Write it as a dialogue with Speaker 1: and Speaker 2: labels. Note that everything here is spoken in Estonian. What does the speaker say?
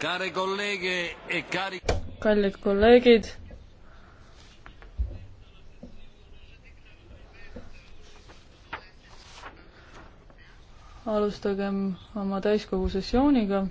Speaker 1: E
Speaker 2: kallid kolleegid.
Speaker 3: alustagem oma täiskogu sessiooniga